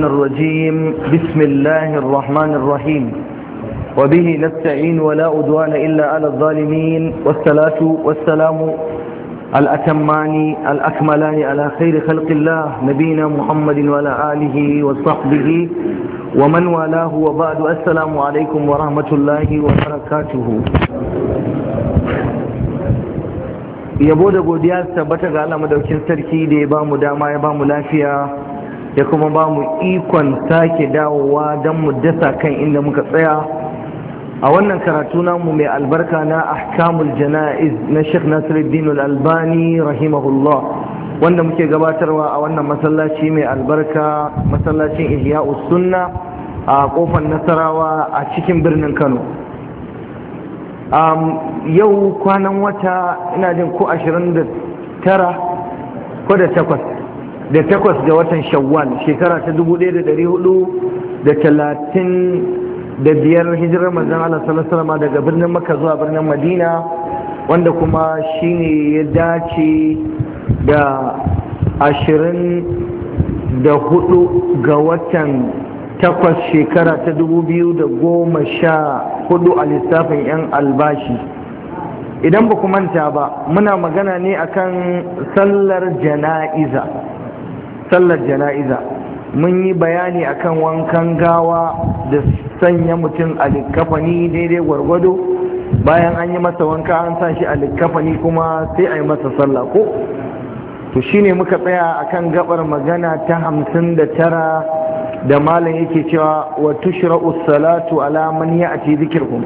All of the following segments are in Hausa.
الرجيم بسم الله الرحمن الرحيم وبه نستعين ولا أدوان إلا على الظالمين والصلاة والسلام الأتمان الأكملان على خير خلق الله نبينا محمد وعلى آله وصحبه ومن والاه وبعد السلام عليكم ورحمة الله وبركاته yabo da godiya tabbata ga Allah madaukin sarki da ya bamu dama ya bamu lafiya ya kuma ba mu ikon sake dawowa don mu dasa kan inda muka tsaya a wannan karatu namu mai albarka na ahkamul jana'iz na sheikh nasiruddin al-albani rahimahullah wanda muke gabatarwa a wannan masallaci mai albarka masallacin ihya'u sunna a kofar nasarawa a cikin birnin kano yau kwanan wata ina jin ko 29 ko da 8 da takwas ga watan shawwal shekara ta dubu ɗaya da ɗari hudu da talatin da biyar hijirar manzon Allah sallallahu daga birnin Makka zuwa birnin Madina wanda kuma shine ya dace da ashirin da hudu ga watan takwas shekara ta dubu biyu da goma sha hudu a lissafin 'yan albashi idan ba ku manta ba muna magana ne akan sallar jana'iza sallar jana'iza mun yi bayani akan wankan gawa da sanya mutum a likkafani daidai gwargwado bayan an yi masa wanka an sa shi a likkafani kuma sai a yi masa sallah ko to shine muka tsaya akan gabar magana ta hamsin da tara da malam yake cewa wa tushra salatu ala man ya'ti zikirkum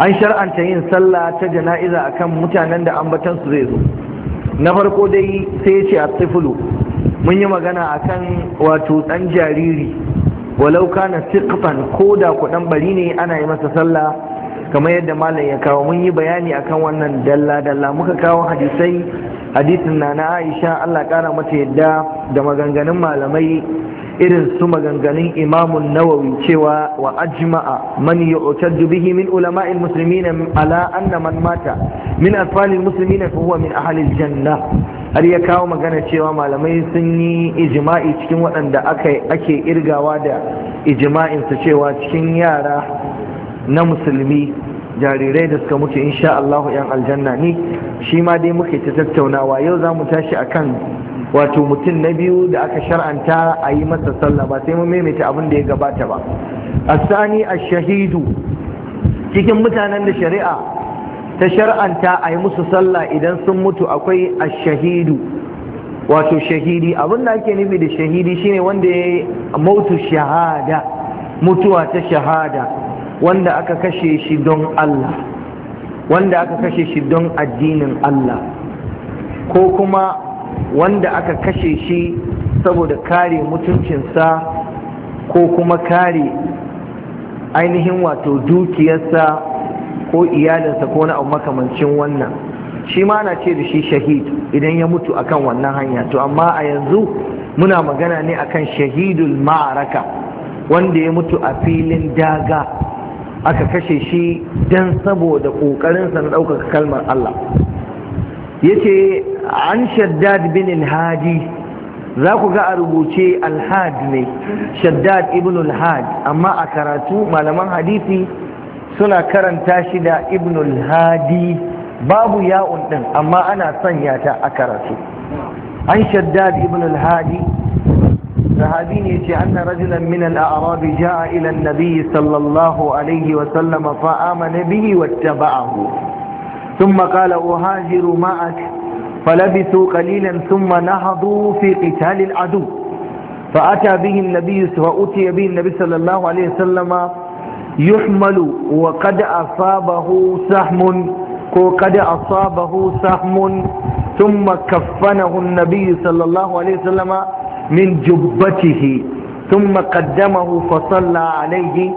an shar'anta yin sallah ta jana'iza akan mutanen da ambatansu zai zo na farko dai sai ce a tsifilu mun yi magana a kan wato ɗan jariri walau kana siqfan ko da kuɗan bari ne ana yi masa sallah kamar yadda malam ya kawo mun yi bayani akan wannan dalla dalla muka kawo hadisai hadisin na na Aisha Allah kara mata yadda da maganganun malamai irin su maganganun imamun nawawi cewa wa ajma'a man yu'tadu bihi min ulama'i muslimina ala anna man mata min atfalil muslimina fa huwa min ahli janna har ya kawo magana cewa malamai sun yi ijma'i cikin waɗanda ake irgawa da ijma'in cewa cikin yara na musulmi jarirai da suka mutu insha Allahu yan aljanna ne shi ma dai muke ta tattaunawa yau za mu tashi akan wato mutum na biyu da aka shar'anta a yi masa sallah ba sai mun maimaita abin da ya gabata ba A asani a shahidu cikin mutanen da shari'a ta shar'anta a yi musu sallah idan sun mutu akwai ash-shahidu wato shahidi abin da ake nufi da shahidi shine wanda ya mautu shahada mutuwa ta shahada wanda aka kashe shi don Allah wanda aka kashe shi don addinin Allah ko kuma wanda aka kashe shi saboda kare mutuncinsa ko kuma kare ainihin wato dukiyarsa ko iyalinsa ko na abu makamancin wannan shi ma na ce da shi shahid idan ya mutu akan wannan hanya to amma a yanzu muna magana ne akan shahidul ma'araka wanda ya mutu a filin daga aka kashe shi don saboda ƙoƙarinsa na ɗaukaka kalmar Allah ya an shaddad bin alhadi za ku ga a rubuce alhad ne shaddad ibn alhad amma a karatu malaman hadisi suna karanta shi da ibn alhadi babu ya'un ɗin amma ana sanya ta a karatu an shaddad ibn alhadi sahabi ne رجلا من الأعراب جاء إلى النبي صلى الله عليه وسلم فآمن به واتبعه ثم قال أهاجر معك فلبثوا قليلا ثم نهضوا في قتال العدو فأتى به النبي وأتي به النبي صلى الله عليه وسلم يحمل وقد أصابه سهم وقد أصابه سهم ثم كفنه النبي صلى الله عليه وسلم من جبته ثم قدمه فصلى عليه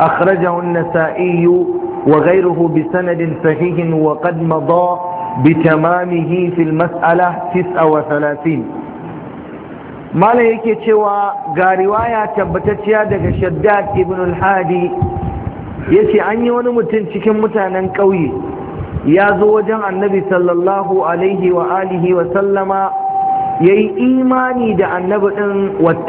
أخرجه النسائي وغيره بسند صحيح وقد مضى بتمامه في المسألة 39 mala yake cewa ga riwaya tabbatacciya daga shaddad ibn al-hadi yace an yi wani mutum cikin mutanen ƙauye ya zo wajen annabi sallallahu alaihi wa sallama yayi imani da annabi wat.